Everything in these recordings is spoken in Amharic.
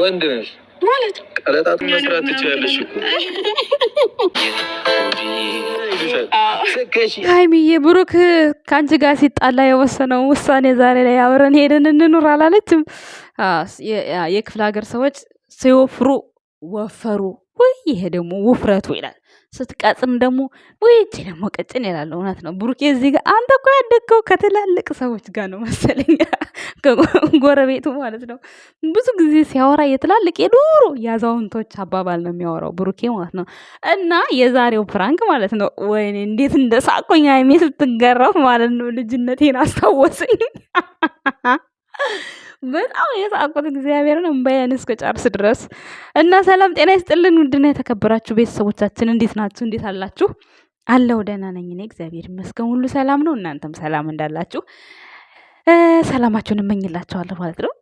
ወንድ ነሽ ማለት ቀለጣት መስራት ትችላለሽ እኮ ሀይሚዬ ብሩክ ከአንቺ ጋር ሲጣላ የወሰነው ውሳኔ ዛሬ ላይ አብረን ሄደን እንኑር አላለችም። የክፍለ ሀገር ሰዎች ሲወፍሩ ወፈሩ። ወይ ይሄ ደግሞ ውፍረቱ ይላል። ስትቀጽን ደግሞ ወይ ደግሞ ቀጭን ይላለ። እውነት ነው ብሩኬ። እዚህ ጋር አንተ እኮ ያደግከው ከትላልቅ ሰዎች ጋር ነው መሰለኝ፣ ጎረቤቱ ማለት ነው። ብዙ ጊዜ ሲያወራ የትላልቅ የዱሮ የአዛውንቶች አባባል ነው የሚያወራው ብሩኬ ማለት ነው። እና የዛሬው ፍራንክ ማለት ነው። ወይኔ እንዴት እንደ ሳቆኛ ሜ ስትገረፍ ማለት ነው። ልጅነቴን አስታወስኝ። በጣም የሳቅሁት እግዚአብሔርን እምባዬን እስከጨርስ ድረስ እና ሰላም ጤና ይስጥልን። ውድና የተከበራችሁ ቤተሰቦቻችን እንዴት ናችሁ? እንዴት አላችሁ? አለው ደህና ነኝ እኔ እግዚአብሔር ይመስገን፣ ሁሉ ሰላም ነው። እናንተም ሰላም እንዳላችሁ ሰላማችሁን እመኝላችኋለሁ ማለት ነው።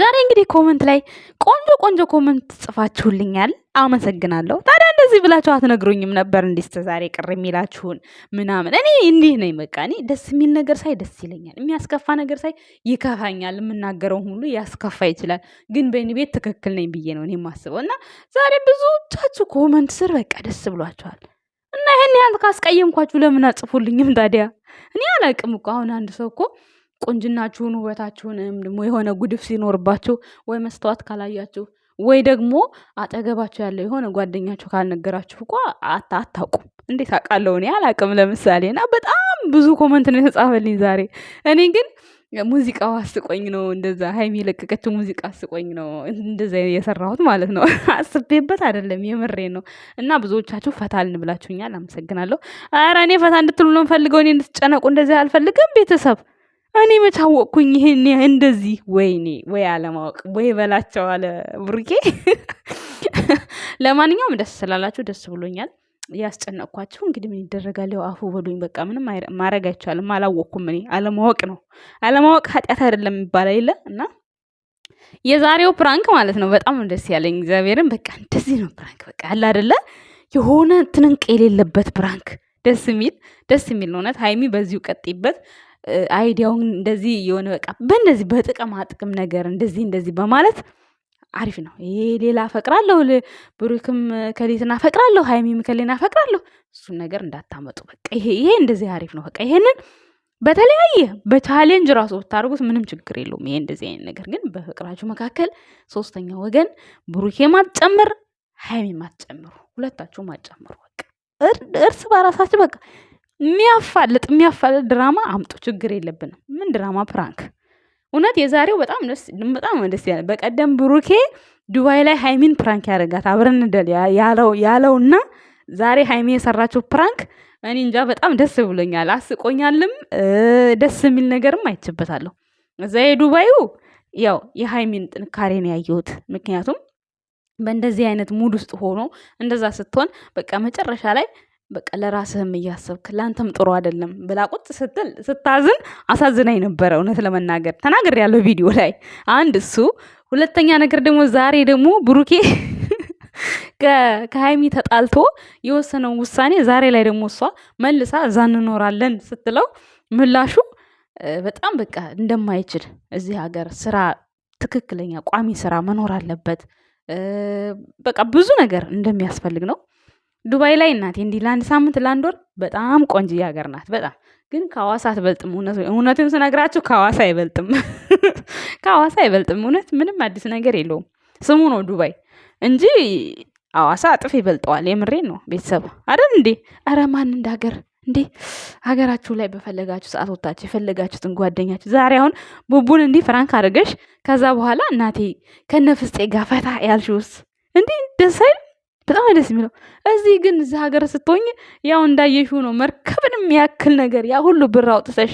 ዛሬ እንግዲህ ኮመንት ላይ ቆንጆ ቆንጆ ኮመንት ጽፋችሁልኛል፣ አመሰግናለሁ። ታዲያ እንደዚህ ብላችሁ አትነግሩኝም ነበር እንዲስተ ዛሬ ቅር የሚላችሁን ምናምን። እኔ እንዲህ ነኝ በቃ። እኔ ደስ የሚል ነገር ሳይ ደስ ይለኛል፣ የሚያስከፋ ነገር ሳይ ይከፋኛል። የምናገረው ሁሉ ያስከፋ ይችላል፣ ግን በእኔ ቤት ትክክል ነኝ ብዬ ነው እኔ የማስበው። እና ዛሬ ብዙዎቻችሁ ኮመንት ስር በቃ ደስ ብሏችኋል። እና ይህን ያህል ካስቀየምኳችሁ ለምን አጽፉልኝም ታዲያ? እኔ አላቅም እኮ አሁን አንድ ሰው እኮ ቁንጅናችሁን ወይም ደግሞ የሆነ ጉድፍ ሲኖርባችሁ ወይ መስተዋት ካላያችሁ ወይ ደግሞ አጠገባቸው ያለው የሆነ ጓደኛቸው ካልነገራችሁ እኳ አታውቁም። እንዴት አውቃለሁ? እኔ አላውቅም። ለምሳሌ እና በጣም ብዙ ኮመንት ነው የተጻፈልኝ ዛሬ። እኔ ግን ሙዚቃው አስቆኝ ነው እንደዛ፣ ሀይሚ የለቀቀችው ሙዚቃ አስቆኝ ነው እንደዛ የሰራሁት ማለት ነው። አስቤበት አይደለም የምሬ ነው። እና ብዙዎቻችሁ ፈታ ልንብላችሁኛል። አመሰግናለሁ። ኧረ እኔ ፈታ እንድትሉ ነው ፈልገው እኔ እንድትጨነቁ እንደዚህ አልፈልግም ቤተሰብ እኔ መታወቅኩኝ ይሄን እንደዚህ። ወይኔ ወይ አለማወቅ ወይ በላቸው አለ ብሩኬ። ለማንኛውም ደስ ስላላችሁ ደስ ብሎኛል። ያስጨነቅኳችሁ እንግዲህ ምን ይደረጋል? ያው አፉ በሉኝ። በቃ ምንም ማድረግ አይቻልም። አላወቅኩም። እኔ አለማወቅ ነው አለማወቅ ኃጢአት አይደለም የሚባል የለ እና የዛሬው ፕራንክ ማለት ነው በጣም ደስ ያለኝ እግዚአብሔርን። በቃ እንደዚህ ነው ፕራንክ በቃ አለ አደለ የሆነ ትንንቅ የሌለበት ፕራንክ ደስ የሚል ደስ የሚል እውነት። ሀይሚ በዚሁ ቀጥይበት። አይዲያውን እንደዚህ የሆነ በቃ በእንደዚህ በጥቅማ ጥቅም ነገር እንደዚህ እንደዚህ በማለት አሪፍ ነው። ይሄ ሌላ አፈቅራለሁ፣ ብሩክም ከሌትና አፈቅራለሁ፣ ሀይሚም ከሌና አፈቅራለሁ፣ እሱን ነገር እንዳታመጡ። በቃ ይሄ ይሄ እንደዚህ አሪፍ ነው። በቃ ይሄንን በተለያየ በቻሌንጅ ራሱ ብታደርጉት ምንም ችግር የለውም። ይሄ እንደዚህ አይነት ነገር ግን በፍቅራችሁ መካከል ሶስተኛ ወገን ብሩኬ ማትጨምር ሀይሚ ማትጨምሩ፣ ሁለታችሁ ማትጨምሩ፣ በቃ እርስ በራሳችሁ በቃ የሚያፋልጥ የሚያፋልጥ ድራማ አምጡ፣ ችግር የለብንም። ምን ድራማ ፕራንክ። እውነት የዛሬው በጣም ደስ በጣም ደስ ያለ። በቀደም ብሩኬ ዱባይ ላይ ሃይሚን ፕራንክ ያደረጋት አብረን ደል ያለው ያለውና ዛሬ ሃይሚ የሰራችው ፕራንክ እኔ እንጃ በጣም ደስ ብሎኛል፣ አስቆኛልም፣ ደስ የሚል ነገርም አይችበታለሁ። እዛ የዱባዩ ያው የሃይሚን ጥንካሬ ነው ያየሁት። ምክንያቱም በእንደዚህ አይነት ሙድ ውስጥ ሆኖ እንደዛ ስትሆን በቃ መጨረሻ ላይ በቃ ለራስህም እያሰብክ ለአንተም ጥሩ አይደለም ብላ ቁጭ ስትል ስታዝን አሳዝናኝ ነበረ። እውነት ለመናገር ተናገር ያለው ቪዲዮ ላይ አንድ እሱ። ሁለተኛ ነገር ደግሞ ዛሬ ደግሞ ብሩኬ ከሀይሚ ተጣልቶ የወሰነውን ውሳኔ ዛሬ ላይ ደግሞ እሷ መልሳ እዛ እንኖራለን ስትለው ምላሹ በጣም በቃ እንደማይችል እዚህ ሀገር ስራ ትክክለኛ ቋሚ ስራ መኖር አለበት፣ በቃ ብዙ ነገር እንደሚያስፈልግ ነው። ዱባይ ላይ እናቴ እንዲህ ለአንድ ሳምንት ለአንድ ወር በጣም ቆንጅዬ ሀገር ናት። በጣም ግን ከሐዋሳ አትበልጥም። እውነቱን ስነግራችሁ ከሐዋሳ አይበልጥም፣ ከሐዋሳ አይበልጥም። እውነት ምንም አዲስ ነገር የለውም። ስሙ ነው ዱባይ እንጂ ሐዋሳ እጥፍ ይበልጠዋል። የምሬ ነው ቤተሰብ አይደል እንዴ? ኧረ ማን እንደ ሀገር እንዴ! ሀገራችሁ ላይ በፈለጋችሁ ሰዓት ወታችሁ የፈለጋችሁትን ጓደኛችሁ ዛሬ አሁን ቡቡን እንዲህ ፍራንክ አድርገሽ ከዛ በኋላ እናቴ ከነፍስጤ ጋር ፈታ ያልሽውስ እንዲህ ደስ አይል በጣም ደስ የሚለው እዚህ ግን እዚህ ሀገር ስትሆኝ ያው እንዳየሽው ነው። መርከብን ያክል ነገር ያ ሁሉ ብር አውጥተሽ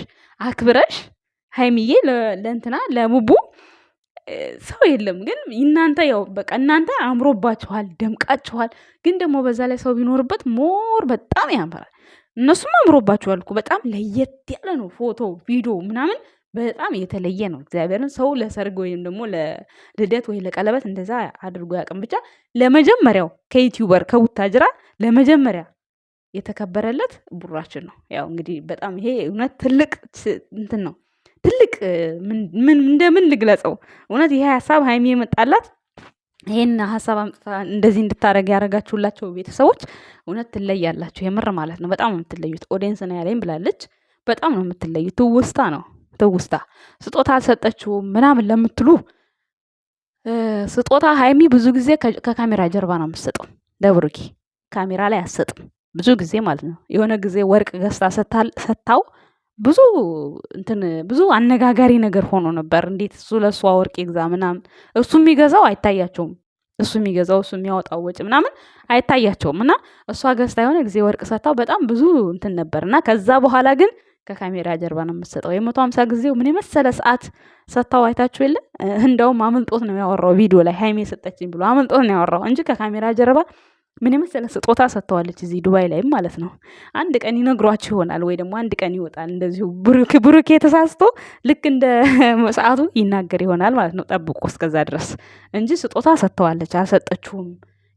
አክብረሽ ሀይሚዬ ለእንትና ለቡቡ ሰው የለም። ግን እናንተ ያው በቃ እናንተ አምሮባችኋል፣ ደምቃችኋል። ግን ደግሞ በዛ ላይ ሰው ቢኖርበት ሞር በጣም ያምራል። እነሱም አምሮባችኋል እኮ በጣም ለየት ያለ ነው ፎቶ ቪዲዮ ምናምን በጣም የተለየ ነው። እግዚአብሔርን ሰው ለሰርግ ወይም ደግሞ ለልደት ወይ ለቀለበት እንደዛ አድርጎ ያቅም። ብቻ ለመጀመሪያው ከዩቲዩበር ከቡታጅራ ለመጀመሪያ የተከበረለት ቡራችን ነው። ያው እንግዲህ በጣም ይሄ እውነት ትልቅ እንትን ነው። ትልቅ ምን እንደምን ልግለጸው? እውነት ይሄ ሀሳብ ሀይሚ የመጣላት ይህን ሀሳብ አምጥታ እንደዚህ እንድታደረግ ያደረጋችሁላቸው ቤተሰቦች እውነት ትለያላችሁ። የምር ማለት ነው። በጣም ነው የምትለዩት። ኦዲየንስ ነው ያለኝ ብላለች። በጣም ነው የምትለዩት። ትውስታ ነው ትውስታ ስጦታ አልሰጠችውም ምናምን ለምትሉ ስጦታ ሀይሚ ብዙ ጊዜ ከካሜራ ጀርባ ነው የምትሰጠው። ለብሩኬ ካሜራ ላይ አትሰጥም፣ ብዙ ጊዜ ማለት ነው። የሆነ ጊዜ ወርቅ ገዝታ ሰታው ብዙ እንትን ብዙ አነጋጋሪ ነገር ሆኖ ነበር። እንዴት እሱ ለእሷ ወርቅ ይግዛ ምናምን፣ እሱ የሚገዛው አይታያቸውም። እሱ የሚገዛው እሱ የሚያወጣው ወጪ ምናምን አይታያቸውም። እና እሷ ገዝታ የሆነ ጊዜ ወርቅ ሰታው በጣም ብዙ እንትን ነበር እና ከዛ በኋላ ግን ከካሜራ ጀርባ ነው የምትሰጠው። የመቶ ሀምሳ ጊዜው ምን የመሰለ ሰዓት ሰጥታው አይታችሁ የለ? እንደውም አምልጦት ነው ያወራው ቪዲዮ ላይ ሀይሜ የሰጠችኝ ብሎ አምልጦት ነው ያወራው እንጂ ከካሜራ ጀርባ ምን የመሰለ ስጦታ ሰጥተዋለች። እዚህ ዱባይ ላይም ማለት ነው። አንድ ቀን ይነግሯችሁ ይሆናል ወይ ደግሞ አንድ ቀን ይወጣል እንደዚሁ ብሩኬ ተሳስቶ ልክ እንደ ሰዓቱ ይናገር ይሆናል ማለት ነው። ጠብቆ እስከዛ ድረስ እንጂ ስጦታ ሰጥተዋለች። አልሰጠችሁም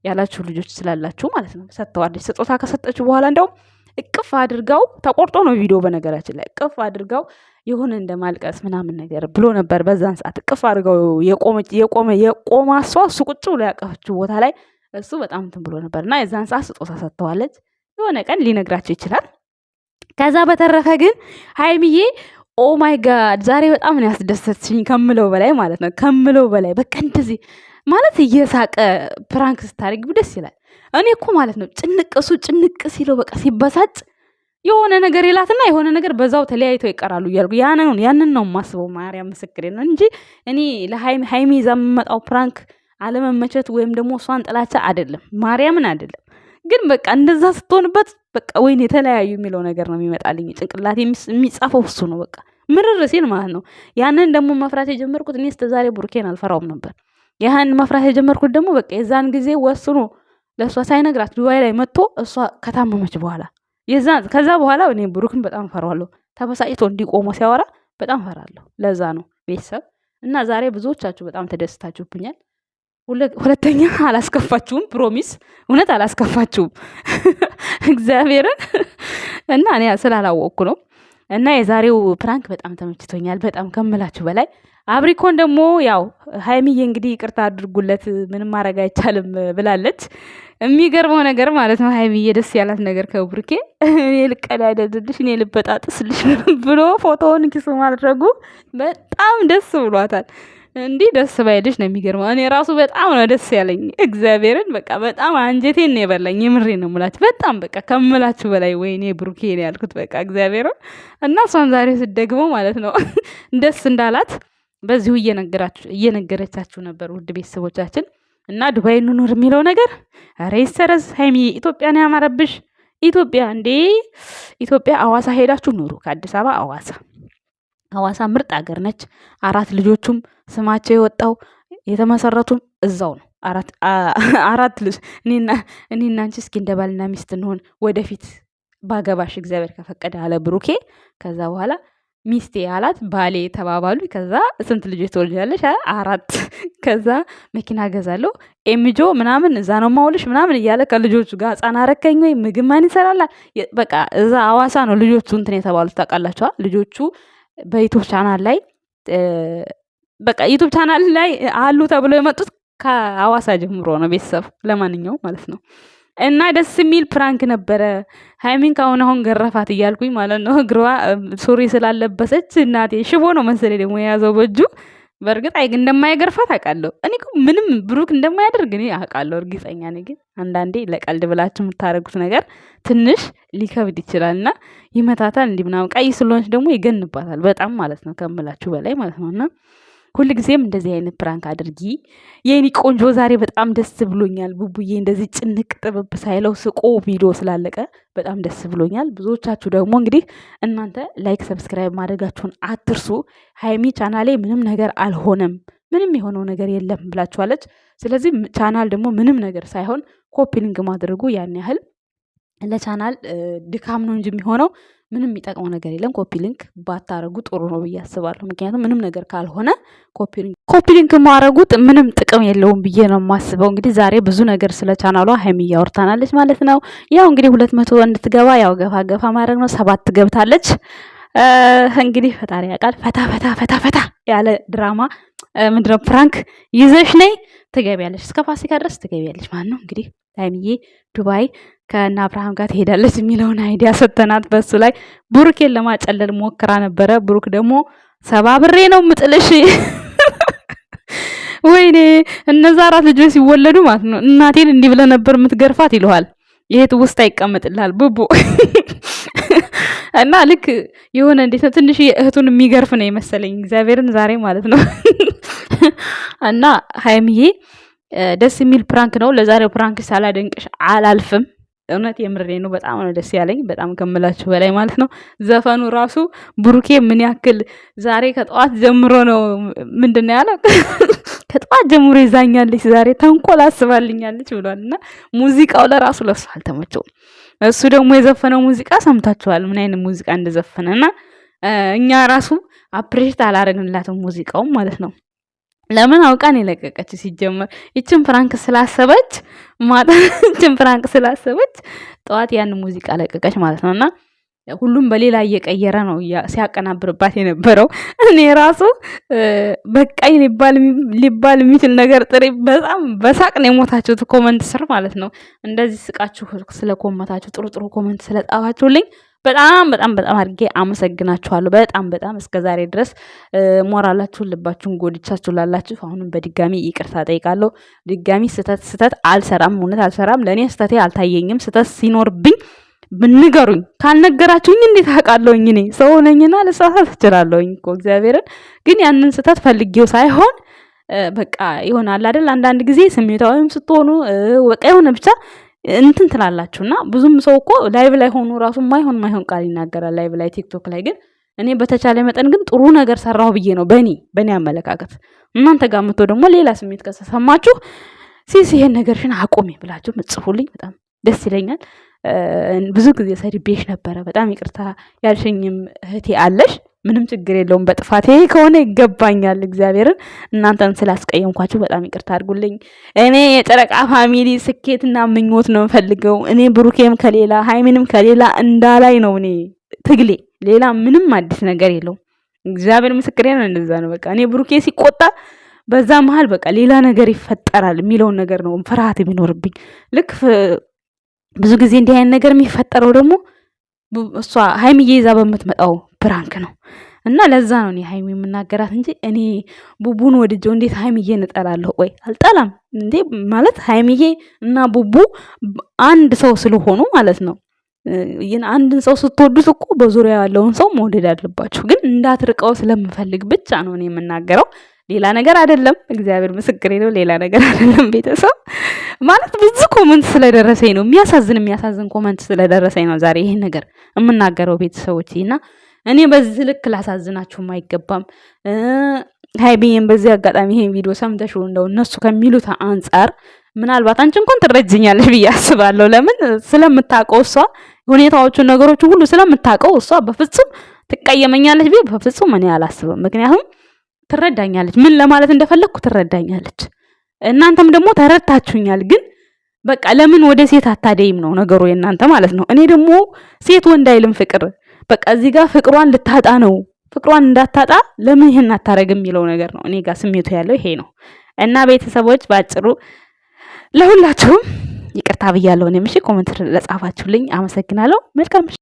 ያላችሁ ልጆች ስላላችሁ ማለት ነው ሰጥተዋለች። ስጦታ ከሰጠችሁ በኋላ እንደውም እቅፍ አድርገው ተቆርጦ ነው ቪዲዮ በነገራችን ላይ እቅፍ አድርገው የሆነ እንደማልቀስ ምናምን ነገር ብሎ ነበር። በዛን ሰዓት እቅፍ አድርገው የቆማ እሷ እሱ ቁጭ ብሎ ያቀፈችው ቦታ ላይ እሱ በጣም እንትን ብሎ ነበር እና የዛን ሰዓት ስጦታ ሰጥተዋለች። የሆነ ቀን ሊነግራቸው ይችላል። ከዛ በተረፈ ግን ሀይሚዬ ኦ ማይ ጋድ ዛሬ በጣም ነው ያስደሰትሽኝ ከምለው በላይ ማለት ነው ከምለው በላይ በቃ እንደዚህ ማለት እየሳቀ ፕራንክ ስታደርግ ደስ ይላል። እኔ እኮ ማለት ነው ጭንቅ እሱ ጭንቅ ሲለው በቃ ሲበሳጭ የሆነ ነገር ይላትና የሆነ ነገር በዛው ተለያይተው ይቀራሉ እያልኩ ያንን ያንን ነው የማስበው። ማርያም ምስክሬ ነው እንጂ እኔ ለሀይሚ ይዛ የምመጣው ፕራንክ አለመመቸት ወይም ደግሞ እሷን ጥላቻ አይደለም፣ ማርያምን አይደለም። ግን በቃ እንደዛ ስትሆንበት በቃ ወይን የተለያዩ የሚለው ነገር ነው የሚመጣልኝ ጭንቅላት የሚጻፈው እሱ ነው በቃ ምርር ሲል ማለት ነው። ያንን ደግሞ መፍራት የጀመርኩት እኔ እስከ ዛሬ ቡርኬን አልፈራውም ነበር። ያህን መፍራት የጀመርኩት ደግሞ በቃ የዛን ጊዜ ወስኖ ለእሷ ሳይነግራት ዱባይ ላይ መጥቶ እሷ ከታመመች በኋላ የዛ ከዛ በኋላ እኔ ብሩክን በጣም ፈሯለሁ። ተበሳጭቶ እንዲቆሞ ሲያወራ በጣም ፈራለሁ። ለዛ ነው ቤተሰብ እና ዛሬ ብዙዎቻችሁ በጣም ተደስታችሁብኛል። ሁለተኛ አላስከፋችሁም፣ ፕሮሚስ እውነት አላስከፋችሁም። እግዚአብሔርን እና እኔ ስላላወቅኩ ነው። እና የዛሬው ፕራንክ በጣም ተመችቶኛል፣ በጣም ከምላችሁ በላይ። አብሪኮን ደግሞ ያው ሀይሚዬ እንግዲህ ይቅርታ አድርጉለት ምንም ማድረግ አይቻልም ብላለች። የሚገርመው ነገር ማለት ነው ሀይሚዬ ደስ ያላት ነገር ከብሩኬ እኔ ልቀዳደድልሽ፣ እኔ ልበጣጥስልሽ ብሎ ፎቶውን ኪሱ ማድረጉ በጣም ደስ ብሏታል። እንዲህ ደስ ባይልሽ ነው የሚገርመው። እኔ ራሱ በጣም ነው ደስ ያለኝ እግዚአብሔርን በቃ በጣም አንጀቴን ነው የበላኝ። የምሬ ነው የምላችሁ በጣም በቃ ከምላችሁ በላይ ወይኔ ብሩኬ ነው ያልኩት በቃ እግዚአብሔርን እና እሷን ዛሬ ስደግመው ማለት ነው ደስ እንዳላት በዚሁ እየነገረቻችሁ ነበር ውድ ቤተሰቦቻችን። እና ዱባይ ኑኑር የሚለው ነገር ኧረ ሀይሚ ኢትዮጵያ ነው ያማረብሽ። ኢትዮጵያ እንዴ ኢትዮጵያ አዋሳ ሄዳችሁ ኑሩ። ከአዲስ አበባ አዋሳ አዋሳ ምርጥ አገር ነች። አራት ልጆቹም ስማቸው የወጣው የተመሰረቱም እዛው ነው። አራት ልጅ እኔና አንቺ እስኪ እንደ ባልና ሚስት እንሆን ወደፊት ባገባሽ እግዚአብሔር ከፈቀደ አለ ብሩኬ። ከዛ በኋላ ሚስቴ አላት ባሌ ተባባሉ። ከዛ ስንት ልጆች ትወልጃለሽ? አራት። ከዛ መኪና ገዛለሁ ኤምጆ ምናምን እዛ ነው ማውልሽ ምናምን እያለ ከልጆቹ ጋር ህፃን አረከኝ ወይ ምግብ ማን ይሰራላል? በቃ እዛ አዋሳ ነው ልጆቹ እንትን የተባሉት ታውቃላችኋ። ልጆቹ በኢትዮ ቻናል ላይ በቃ ዩቱብ ቻናል ላይ አሉ ተብሎ የመጡት ከአዋሳ ጀምሮ ነው። ቤተሰብ ለማንኛውም ማለት ነው እና ደስ የሚል ፕራንክ ነበረ። ሀይሚን ካሁን አሁን ገረፋት እያልኩኝ ማለት ነው። እግሯ ሱሪ ስላለበሰች እናቴ ሽቦ ነው መሰለኝ ደግሞ የያዘው በእጁ በእርግጥ እንደማይገርፋት አውቃለሁ። እኔ ምንም ብሩክ እንደማያደርግ እኔ አውቃለሁ፣ እርግጠኛ ነኝ። ግን አንዳንዴ ለቀልድ ብላችሁ የምታደርጉት ነገር ትንሽ ሊከብድ ይችላል እና ይመታታል፣ እንዲህ ምናምን። ቀይ ስለሆነች ደግሞ ይገንባታል በጣም ማለት ነው፣ ከምላችሁ በላይ ማለት ነው እና ጊዜም እንደዚህ አይነት ፕራንክ አድርጊ የኔ ቆንጆ። ዛሬ በጣም ደስ ብሎኛል ቡቡዬ፣ እንደዚህ ጭንቅ ጥብብ ሳይለው ስቆ ቪዲዮ ስላለቀ በጣም ደስ ብሎኛል። ብዙዎቻችሁ ደግሞ እንግዲህ እናንተ ላይክ፣ ሰብስክራይብ ማድረጋችሁን አትርሱ። ሀይሚ ቻናሌ ምንም ነገር አልሆነም ምንም የሆነው ነገር የለም ብላችኋለች። ስለዚህ ቻናል ደግሞ ምንም ነገር ሳይሆን ኮፒሊንግ ማድረጉ ያን ያህል ለቻናል ድካም ነው እንጂ የሚሆነው ምንም የሚጠቅመው ነገር የለም። ኮፒ ሊንክ ባታረጉ ጥሩ ነው ብዬ አስባለሁ። ምክንያቱም ምንም ነገር ካልሆነ ኮፒ ሊንክ ማረጉት ምንም ጥቅም የለውም ብዬ ነው የማስበው። እንግዲህ ዛሬ ብዙ ነገር ስለ ቻናሏ ሀይሚ እያወርታናለች ማለት ነው። ያው እንግዲህ ሁለት መቶ እንድትገባ ያው ገፋ ገፋ ማድረግ ነው። ሰባት ገብታለች። እንግዲህ ፈጣሪ ያውቃል። ፈታ ፈታ ፈታ ፈታ ያለ ድራማ ምንድነው ፍራንክ ይዘሽ ነይ ትገቢያለሽ። እስከ ፋሲካ ድረስ ትገቢያለሽ ማለት ነው እንግዲህ ሀይሚዬ ዱባይ ከእነ አብርሃም ጋር ትሄዳለች የሚለውን አይዲያ ሰተናት በሱ ላይ ብሩኬን ለማጨለል ሞክራ ነበረ። ብሩክ ደግሞ ሰባ ብሬ ነው ምጥልሽ ወይኔ እነዛ አራት ልጆች ሲወለዱ ማለት ነው እናቴን እንዲህ ብለ ነበር የምትገርፋት ይለዋል። ይሄት ውስጥ አይቀመጥልሃል ብቡ እና ልክ የሆነ እንዴት ነው ትንሽ እህቱን የሚገርፍ ነው የመሰለኝ እግዚአብሔርን ዛሬ ማለት ነው እና ሀይምዬ ደስ የሚል ፕራንክ ነው። ለዛሬው ፕራንክ ሳላደንቅሽ አላልፍም። እውነት የምሬ ነው። በጣም ነው ደስ ያለኝ፣ በጣም ከምላችሁ በላይ ማለት ነው። ዘፈኑ ራሱ ብሩኬ ምን ያክል ዛሬ ከጠዋት ጀምሮ ነው ምንድን ነው ያለው? ከጠዋት ጀምሮ ይዛኛለች፣ ዛሬ ተንኮል አስባልኛለች ብሏል። እና ሙዚቃው ለራሱ ለሱ አልተመቸውም። እሱ ደግሞ የዘፈነው ሙዚቃ ሰምታችኋል፣ ምን አይነት ሙዚቃ እንደዘፈነ እና እኛ ራሱ አፕሬት አላረግንላትም ሙዚቃውም ማለት ነው። ለምን አውቃን የለቀቀች ሲጀመር ይችን ፕራንክ ስላሰበች ማታ ይችን ፍራንክ ስላሰበች ጠዋት ያን ሙዚቃ ለቀቀች ማለት ነው እና ሁሉም በሌላ እየቀየረ ነው ሲያቀናብርባት የነበረው። እኔ ራሱ በቃኝ ሊባል የሚችል ነገር ጥሪ በጣም በሳቅ ነው የሞታችሁት ኮመንት ስር ማለት ነው። እንደዚህ ስቃችሁ ስለኮመታችሁ ጥሩ ጥሩ ኮመንት ስለጣፋችሁልኝ በጣም በጣም በጣም አድርጌ አመሰግናችኋለሁ። በጣም በጣም እስከ ዛሬ ድረስ ሞራላችሁን፣ ልባችሁን ጎድቻችሁ ላላችሁ አሁንም በድጋሚ ይቅርታ ጠይቃለሁ። ድጋሚ ስህተት ስህተት አልሰራም፣ እውነት አልሰራም። ለእኔ ስህተቴ አልታየኝም። ስህተት ሲኖርብኝ ብንገሩኝ ካልነገራችሁኝ እንዴት አውቃለሁኝ? እኔ ሰው ነኝና ልሳሳት እችላለሁኝ እኮ እግዚአብሔርን። ግን ያንን ስህተት ፈልጌው ሳይሆን በቃ ይሆናል አይደል? አንዳንድ ጊዜ ስሜታዊም ስትሆኑ በቃ የሆነ ብቻ እንትን ትላላችሁና ብዙም ሰው እኮ ላይቭ ላይ ሆኑ ራሱ ማይሆን ማይሆን ቃል ይናገራል ላይቭ ላይ ቲክቶክ ላይ ግን እኔ በተቻለ መጠን ግን ጥሩ ነገር ሰራሁ ብዬ ነው በእኔ በእኔ አመለካከት። እናንተ ጋር ምቶ ደግሞ ሌላ ስሜት ከተሰማችሁ ሲስ ይሄን ነገርሽን አቁሚ ብላችሁ ምጽፉልኝ በጣም ደስ ይለኛል። ብዙ ጊዜ ሰድቤሽ ነበረ። በጣም ይቅርታ ያልሽኝም እህቴ አለሽ። ምንም ችግር የለውም። በጥፋቴ ከሆነ ይገባኛል። እግዚአብሔርን እናንተን ስላስቀየምኳችሁ በጣም ይቅርታ አድርጉልኝ። እኔ የጨረቃ ፋሚሊ ስኬትና ምኞት ነው የምፈልገው። እኔ ብሩኬም ከሌላ ሃይሚንም ከሌላ እንዳላይ ነው እኔ ትግሌ። ሌላ ምንም አዲስ ነገር የለውም። እግዚአብሔር ምስክሬ ነው። እንደዛ ነው በቃ። እኔ ብሩኬ ሲቆጣ በዛ መሀል በቃ ሌላ ነገር ይፈጠራል የሚለውን ነገር ነው ፍርሃት የሚኖርብኝ ልክ ብዙ ጊዜ እንዲህ አይነት ነገር የሚፈጠረው ደግሞ እሷ ሀይሚዬ ይዛ በምትመጣው ፕራንክ ነው እና ለዛ ነው እኔ ሀይሚ የምናገራት እንጂ እኔ ቡቡን ወድጀው እንዴት ሀይሚዬን እጠላለሁ? ወይ አልጠላም እንዴ ማለት ሀይሚዬ እና ቡቡ አንድ ሰው ስለሆኑ ማለት ነው። አንድን ሰው ስትወዱት እኮ በዙሪያ ያለውን ሰው መውደድ አለባችሁ። ግን እንዳትርቀው ስለምፈልግ ብቻ ነው እኔ የምናገረው። ሌላ ነገር አይደለም። እግዚአብሔር ምስክሬ ነው። ሌላ ነገር አይደለም ቤተሰብ ማለት ብዙ ኮመንት ስለደረሰኝ ነው የሚያሳዝን የሚያሳዝን ኮመንት ስለደረሰኝ ነው ዛሬ ይሄን ነገር የምናገረው ቤተሰቦች እና እኔ በዚህ ልክ ላሳዝናችሁም አይገባም። ሀይሚዬም በዚህ አጋጣሚ ይሄን ቪዲዮ ሰምተሽ እንደው እነሱ ከሚሉት አንጻር ምናልባት አንቺ እንኳን ትረጅኛለሽ ብዬ አስባለሁ። ለምን ስለምታውቀው እሷ ሁኔታዎቹን ነገሮች ሁሉ ስለምታውቀው እሷ በፍጹም ትቀየመኛለች ብዬ በፍጹም እኔ አላስብም። ምክንያቱም ትረዳኛለች፣ ምን ለማለት እንደፈለግኩ ትረዳኛለች። እናንተም ደግሞ ተረድታችሁኛል። ግን በቃ ለምን ወደ ሴት አታደይም ነው ነገሩ የእናንተ ማለት ነው። እኔ ደግሞ ሴት ወንድ አይልም ፍቅር በቃ እዚህ ጋር ፍቅሯን ልታጣ ነው ፍቅሯን እንዳታጣ ለምን ይህን አታረግ የሚለው ነገር ነው እኔ ጋር ስሜቱ ያለው ይሄ ነው። እና ቤተሰቦች ባጭሩ ለሁላችሁም ይቅርታ ብያለሁ። እኔም እሺ ኮመንት ለጻፋችሁልኝ አመሰግናለሁ። መልካም